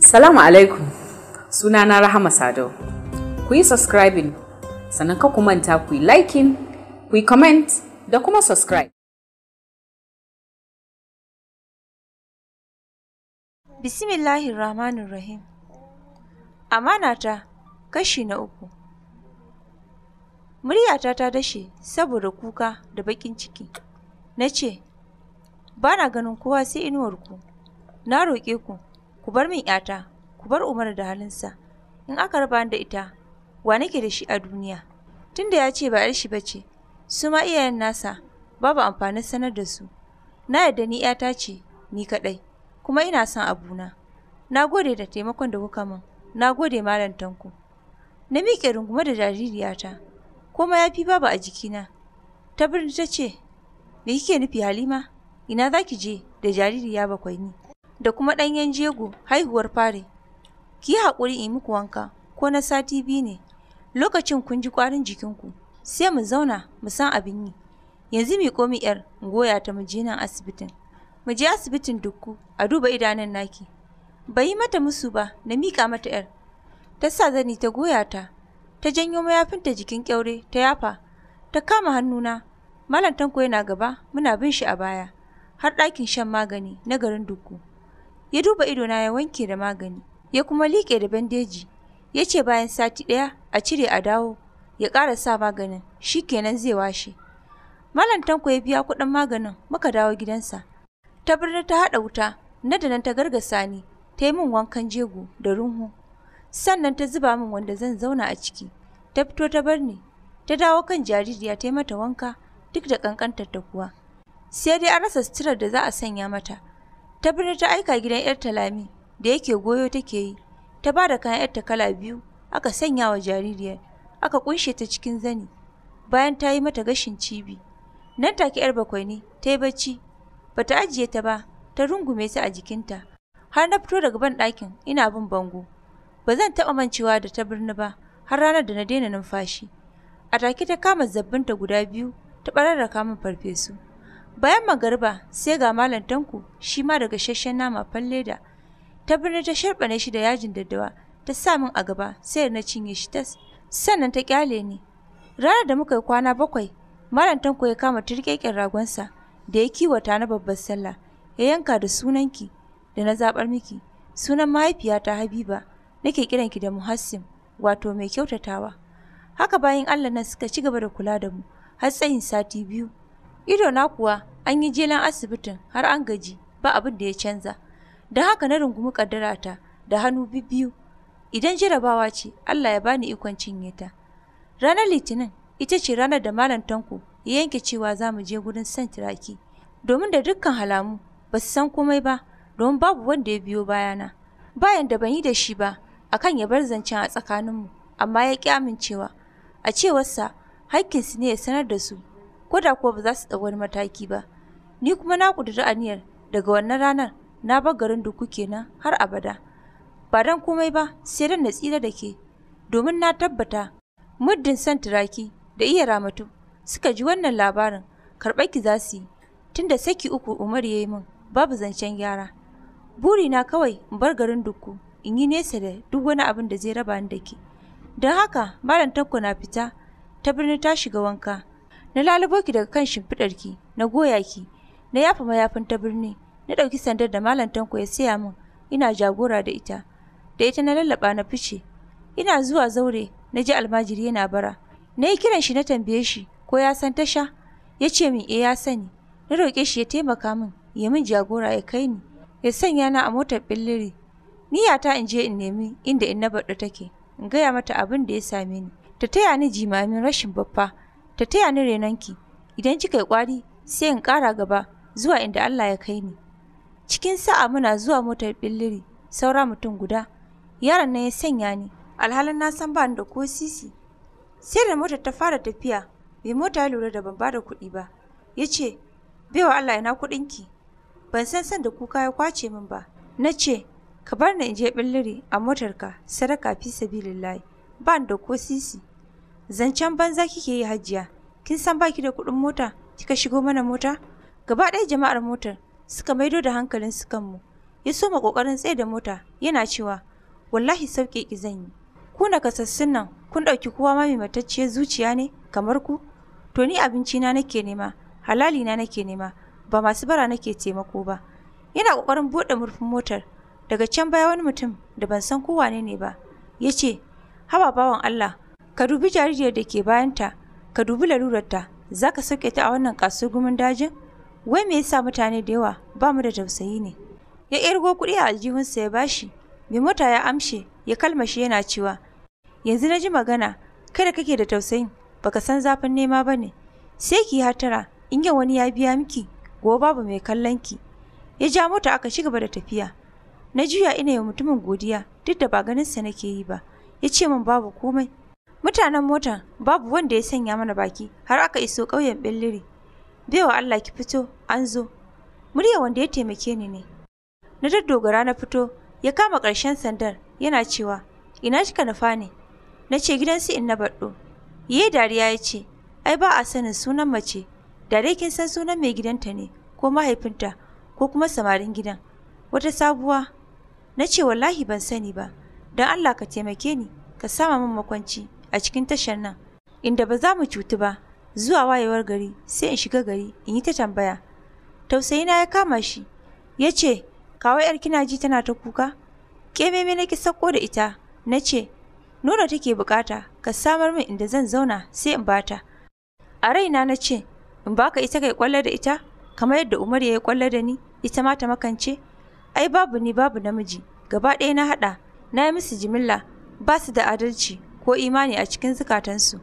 Salamu alaikum, suna na Rahama Sadau. Ku yi subscribing, sannan ka kumanta ku yi liking, ku yi comment da kuma subscribe. Bismillahirrahmanirrahim. Amanata kashi na uku. Muryata ta dashe saboda kuka da baƙin ciki. Na ce, ba ganin kowa sai inuwarku. na roƙe ku ku bar min 'yata, ku bar Umar da halinsa in aka raba da ita wa nake da shi a duniya tunda ya ce ba yar shi bace su ma iyayen nasa babu amfanin sanar da su na yarda ni 'yata ce ni kaɗai kuma ina son abuna na gode da taimakon da kuka min na gode malam na miƙe rungume da jaririyata Koma ya fi babu a jikina ta birni ta ce me kike nufi halima ina za ki je da jaririya bakwai ni da kuma ɗanyen jego haihuwar fare Ki yi haƙuri in muku wanka ko na sati biyu ne, lokacin kun ji ƙwarin jikinku, sai mu zauna mu san abin yi. Yanzu mi komi ‘yar goya ta mu nan asibitin. Mu je asibitin dukku a duba idanun naki. Bai yi mata musu ba na miƙa mata ‘yar. Ta sa zani ta goya ta, ta janyo mayafinta jikin ƙyaure ta yafa, ta kama hannuna. Malam Tanko yana gaba muna bin shi a baya har ɗakin shan magani na garin Dukku. ya duba idona ya wanke da magani ya kuma liƙe da bandeji ya ce bayan sati ɗaya a cire a dawo ya ƙara sa maganin shi kenan zai washe malam tanko ya biya kuɗin maganin muka dawo gidansa ta birni ta haɗa wuta na da nan ta gargasa ni ta yi min wankan jego da runhu sannan ta zuba min wanda zan zauna a ciki ta fito ta bar ni ta dawo kan jaririya ta yi mata wanka duk da ƙanƙantar ta kuwa sai dai an rasa suturar da za a sanya mata ta birni ta aika gidan yar talami da yake goyo take yi ta ba da kayan yarta kala biyu aka sanya wa jaririyar aka kunshe ta cikin zani bayan ta yi mata gashin cibi nan take yar bakwai ne ta yi bacci ta ajiye ta ba ta rungume ta a jikinta har na fito daga ban ɗakin ina bin bango ba zan taɓa mancewa da ta birni ba har ranar da na daina numfashi a take ta kama zabbinta guda biyu ta ɓararraka min farfesu Bayan magariba sai ga Malam Tanko shi ma da gasasshen nama falle da ta birni ta sharbane shi da yajin daddawa ta sa min a gaba sai na cinye shi tas sannan ta kyale ni. Ranar da muka yi kwana bakwai Malam Tanko ya kama turkekin ragonsa da ya kiwata na babbar sallah ya yanka da sunanki da na zabar miki sunan mahaifiyata Habiba nake kiranki da Muhassim wato mai kyautatawa. Haka bayan Allah na suka ci gaba da kula da mu har tsayin sati biyu. idona kuwa an yi jelan asibitin har an gaji ba abin da ya canza Da haka na rungumi kaddarata da hannu biyu idan jarabawa ce Allah ya bani ikon cinye ta ranar litinin ita ce ranar da malam tanko ya yanke cewa za mu je gurin san tiraki domin da dukkan halamu ba su san komai ba domin babu wanda ya biyo bayana bayan da ban yi da shi ba akan ya bar zancen a tsakaninmu amma ya ƙi amincewa a cewarsa haƙƙinsu ne ya sanar da su ko da kuwa ba za su wani mataki ba ni kuma na ƙudiri aniyar daga wannan ranar na bar garin duku kenan har abada ba dan komai ba sai dan na tsira da ke domin na tabbata muddin san turaki da iya ramatu suka ji wannan labarin karɓar ki za su yi tunda saki uku umar ya yi min babu zancen gyara buri na kawai in bar garin duku in yi nesa da duk wani abin da zai raba ni da ke don haka malam tanko na fita ta birni ta shiga wanka na lalubo ki daga kan ki. na goya ki na yafa mayafin ta birni na ɗauki sandar da malam tanko ya siya min ina jagora da ita da ita na lallaɓa na fice ina zuwa zaure na ji almajiri yana bara na yi kiran shi na tambaye shi ko ya san tasha ya ce min eh ya sani na roƙe shi ya taimaka min ya min jagora ya kai ni ya sanya na a motar ɓilliri niyata in je in nemi inda in na da take in gaya mata abin da ya same ni ta taya ni jimamin rashin baffa ta taya ni renonki idan kika yi kwari sai in ƙara gaba zuwa inda Allah ya kai ni cikin sa'a muna zuwa motar billiri saura mutum guda yaron nan ya sanya ni alhalin na san ba ni da ko sisi sai da motar ta fara tafiya mai mota ya lura da ban ba da kuɗi ba ya ce baiwa Allah ina kuɗinki ban san san da kuka ya kwace min ba na ce ka bar ni in je billiri a motarka sadaka fi sabilillahi ba ni da ko sisi zancen banza kike yi hajiya kin san baki da kuɗin mota kika shigo mana mota gaba ɗaya jama'ar motar suka maido da hankalin su kanmu ya soma ƙoƙarin tsaye da mota yana cewa wallahi sauke ki zan yi ku nakasassun nan kun ɗauki kowa ma mai matacciyar zuciya ne kamar ku to ni abinci na nake nema halali na nake nema ba masu bara nake taimako ba yana ƙoƙarin buɗe murfin motar daga can baya wani mutum da ban san kowane ne ba ya ce haba bawan Allah Ka dubi jaririyar da ke bayanta, ka dubi larurarta, za ka sauke ta a wannan gumin dajin? Wai me yasa mutane da yawa ba mu da tausayi ne? Ya ƙirgo kuɗi a aljihunsa ya bashi, mai mota ya amshe, ya kalmashi yana cewa, yanzu na ji magana, kada kake da tausayin, baka san zafin nema ba ne. Sai ki hatara, in yau wani ya biya miki, gobe babu mai kallon ki. Ya ja mota aka ci gaba da tafiya. Na juya ina yi mutumin godiya, duk da ba ganinsa nake yi ba. Ya ce min babu komai, Mutanen motar babu wanda ya sanya mana baki har aka iso ƙauyen Biya Baiwa Allah ki fito, an zo. Murya wanda ya taimake ni ne. Na daddogara na fito, ya kama ƙarshen sandar yana cewa, ina kika nufa ne? Na ce gidan su in na baɗo. Ye dariya ya ce, ai ba a sanin sunan mace, da dai kin san sunan mai gidanta ne, ko mahaifinta, ko kuma samarin gidan. Wata sabuwa, na ce wallahi ban sani ba, don Allah ka taimake ni, ka sama min makwanci. a cikin tashar nan inda ba za mu cutu ba zuwa wayewar gari sai in shiga gari in yi ta tambaya Tausayi na ya kama shi ya ce kawo yar kina ji tana ta kuka kememe na ki sako da ita na ce nono take bukata ka samar min inda zan zauna sai in bata a raina na ce in baka ita kai kwallo da ita kamar yadda umar ya yi kwallo da ni ita ma ta makance ai babu ni babu namiji gaba ɗaya na haɗa na yi musu jimilla ba su da adalci ko imani a cikin zukatansu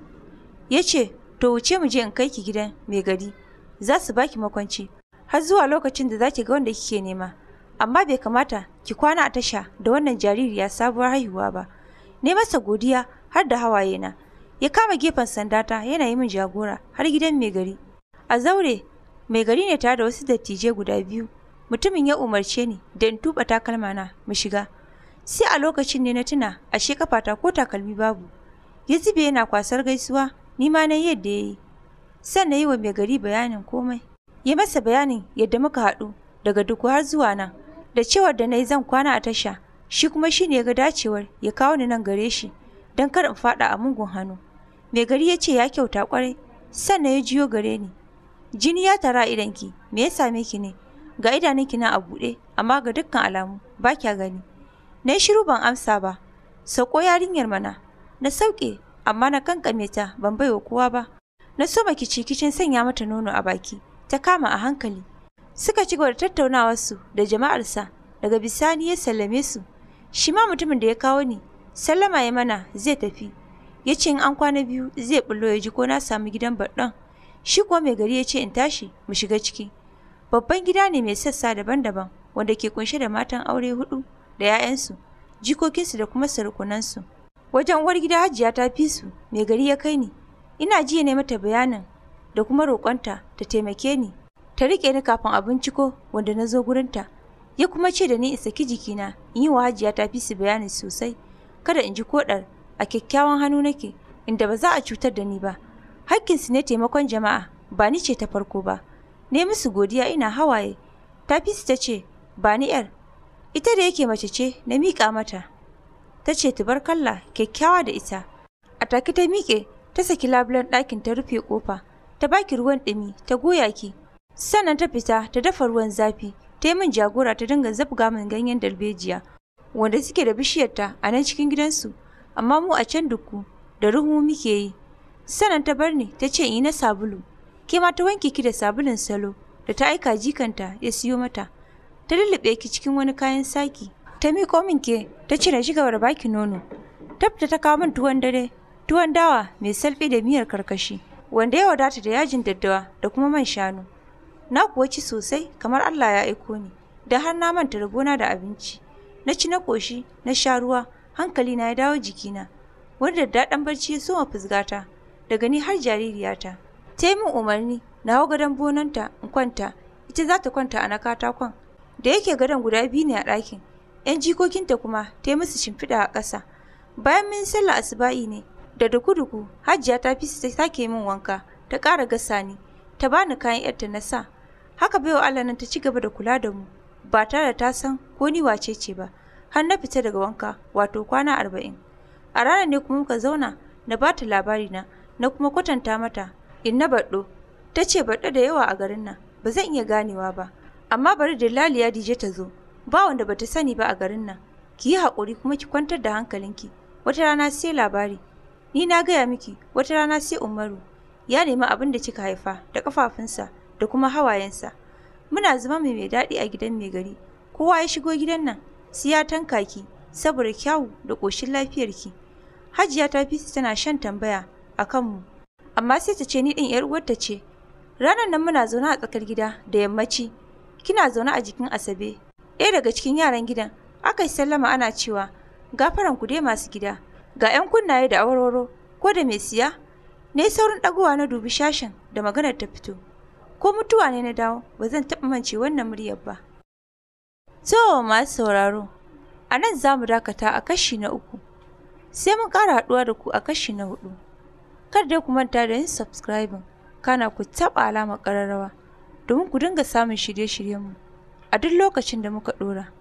ya ce to wuce mu je in kai ki gidan mai gari za su baki makwanci har zuwa lokacin da za ki ga wanda kike nema amma bai kamata ki kwana a tasha da wannan jariri ya sabuwar haihuwa ba ne masa godiya har da hawaye na ya kama gefen sandata yana yi min jagora har gidan mai gari a zaure mai gari ne tare da wasu dattijai guda biyu mutumin ya umarce ni da in tuba takalmana mu shiga sai a lokacin ne na tuna ashe kafata ko takalmi babu ya zube yana kwasar gaisuwa ni ma na yadda ya yi na yi wa mai gari bayanin komai ya masa bayanin yadda muka haɗu daga duku har zuwa nan da cewar da na yi zan kwana a tasha shi kuma shi ne ya ga dacewar ya kawo ni nan gare shi don kar in faɗa a mugun hannu mai gari ya ce ya kyauta kwarai na ya jiyo gare ni jini ya tara idanki me ya same ki ne ga idanunki na a buɗe amma ga dukkan alamu ba kya gani Na yi shiru ban amsa ba, sauko yarinyar mana, na sauke, amma na kankame ta ban baiwa kowa ba. Na so maki kicin sanya mata nono a baki, ta kama a hankali. Suka ci gaba da tattaunawarsu da jama'arsa, daga bisani ya sallame su. Shi ma mutumin da ya kawo ni, sallama ya mana zai tafi. Ya ce in an kwana biyu zai bullo ya ji ko na samu gidan baɗon. Shi kuwa mai gari ya ce in tashi mu shiga ciki. Babban gida ne mai sassa daban-daban wanda ke kunshe da matan aure hudu. da 'ya'yansu, jikokinsu da kuma surukunansu. Wajen uwar gida Hajiya ta fi su, mai gari ya kai ni. Ina jiya ne mata bayanin da kuma roƙonta ta taimake ni. Ta riƙe ni kafin a binciko wanda na zo gurinta. Ya kuma ce da ni in saki jikina in yi wa Hajiya ta fi su bayani sosai. Kada in ji koɗar a kyakkyawan hannu nake inda ba za a cutar da ni ba. Hakkinsu ne taimakon jama'a ba ni ce ta farko ba. Ne musu godiya ina hawaye. su ta ce, ba ni ‘yar, ita da yake mace ce na miƙa mata ta ce kalla kyakkyawa da ita a take ta miƙe ta saki labulen ɗakin ta rufe ƙofa ta baki ruwan ɗumi ta goya ki sannan ta fita ta dafa ruwan zafi ta yi min jagora ta dinga zabga min ganyen dalbejiya wanda suke da bishiyarta a nan cikin gidansu amma mu a can duku da ruhu muke yi sannan ta bar ni ta ce in yi na sabulu ke ma ta wanke ki da sabulun salo da ta aika jikanta ya siyo mata ta lullube ki cikin wani kayan saki ta miƙo min ke ta cire shi gabar baki nono tabta ta kawo min tuwon dare tuwon dawa mai salfi da miyar karkashi wanda ya wadata da yajin daddawa da kuma man shanu na kuwa ci sosai kamar Allah ya aiko ni da har na manta rabona da abinci na ci na koshi na sha ruwa hankali na ya dawo jikina wani daddaɗan barci ya soma fusgata daga ni har jaririyata ta yi min umarni na hau gadon bonanta in kwanta ita za ta kwanta a na katakon da yake gadon guda biyu ne a ɗakin yan jikokinta kuma ta yi musu shimfiɗa a ƙasa bayan min sallah asuba'i ne da duku-duku hajiya ta fi ta sake min wanka ta ƙara gasa ni ta bani kayan yarta na sa haka baiwa Allah nan ta ci gaba da kula da mu ba tare da ta san ko ni wace ce ba har na fita daga wanka wato kwana arba'in a ranar ne kuma muka zauna na ba ta labari na na kuma kwatanta mata in na baɗo ta ce baɗo da yawa a garin nan ba zan iya ganewa ba amma bari da ya dije ta zo ba wanda bata sani ba a garin nan ki yi haƙuri kuma ki kwantar da hankalinki wata rana sai labari ni na gaya miki wata rana sai umaru ya nemi abin da kika haifa da kafafunsa da kuma hawayensa muna zama mai mai daɗi a gidan mai gari kowa ya shigo gidan nan sai ya tanka ki saboda kyawu da ƙoshin ki hajiya ta fi tana shan tambaya a kanmu amma sai ta ce ni ɗin 'yar uwarta ce ranar nan muna zaune a tsakar gida da yammaci kina zaune a jikin asabe ɗaya daga cikin yaran gidan aka yi sallama ana cewa gafaran ku dai masu gida ga 'yan kunnaye da awarwaro ko da mai siya Ne saurin ɗagowa na dubi shashin da maganar ta fito ko mutuwa ne na dawo ba zan taɓa mance wannan muryar ba to masu sauraro a nan za mu dakata a kashi na uku sai mun ƙara haɗuwa da ku a kashi na hudu kar dai ku manta da yin subscribing kana ku taɓa alamar ƙararrawa domin ku dinga samun shirye-shiryenmu a duk lokacin da muka ɗora.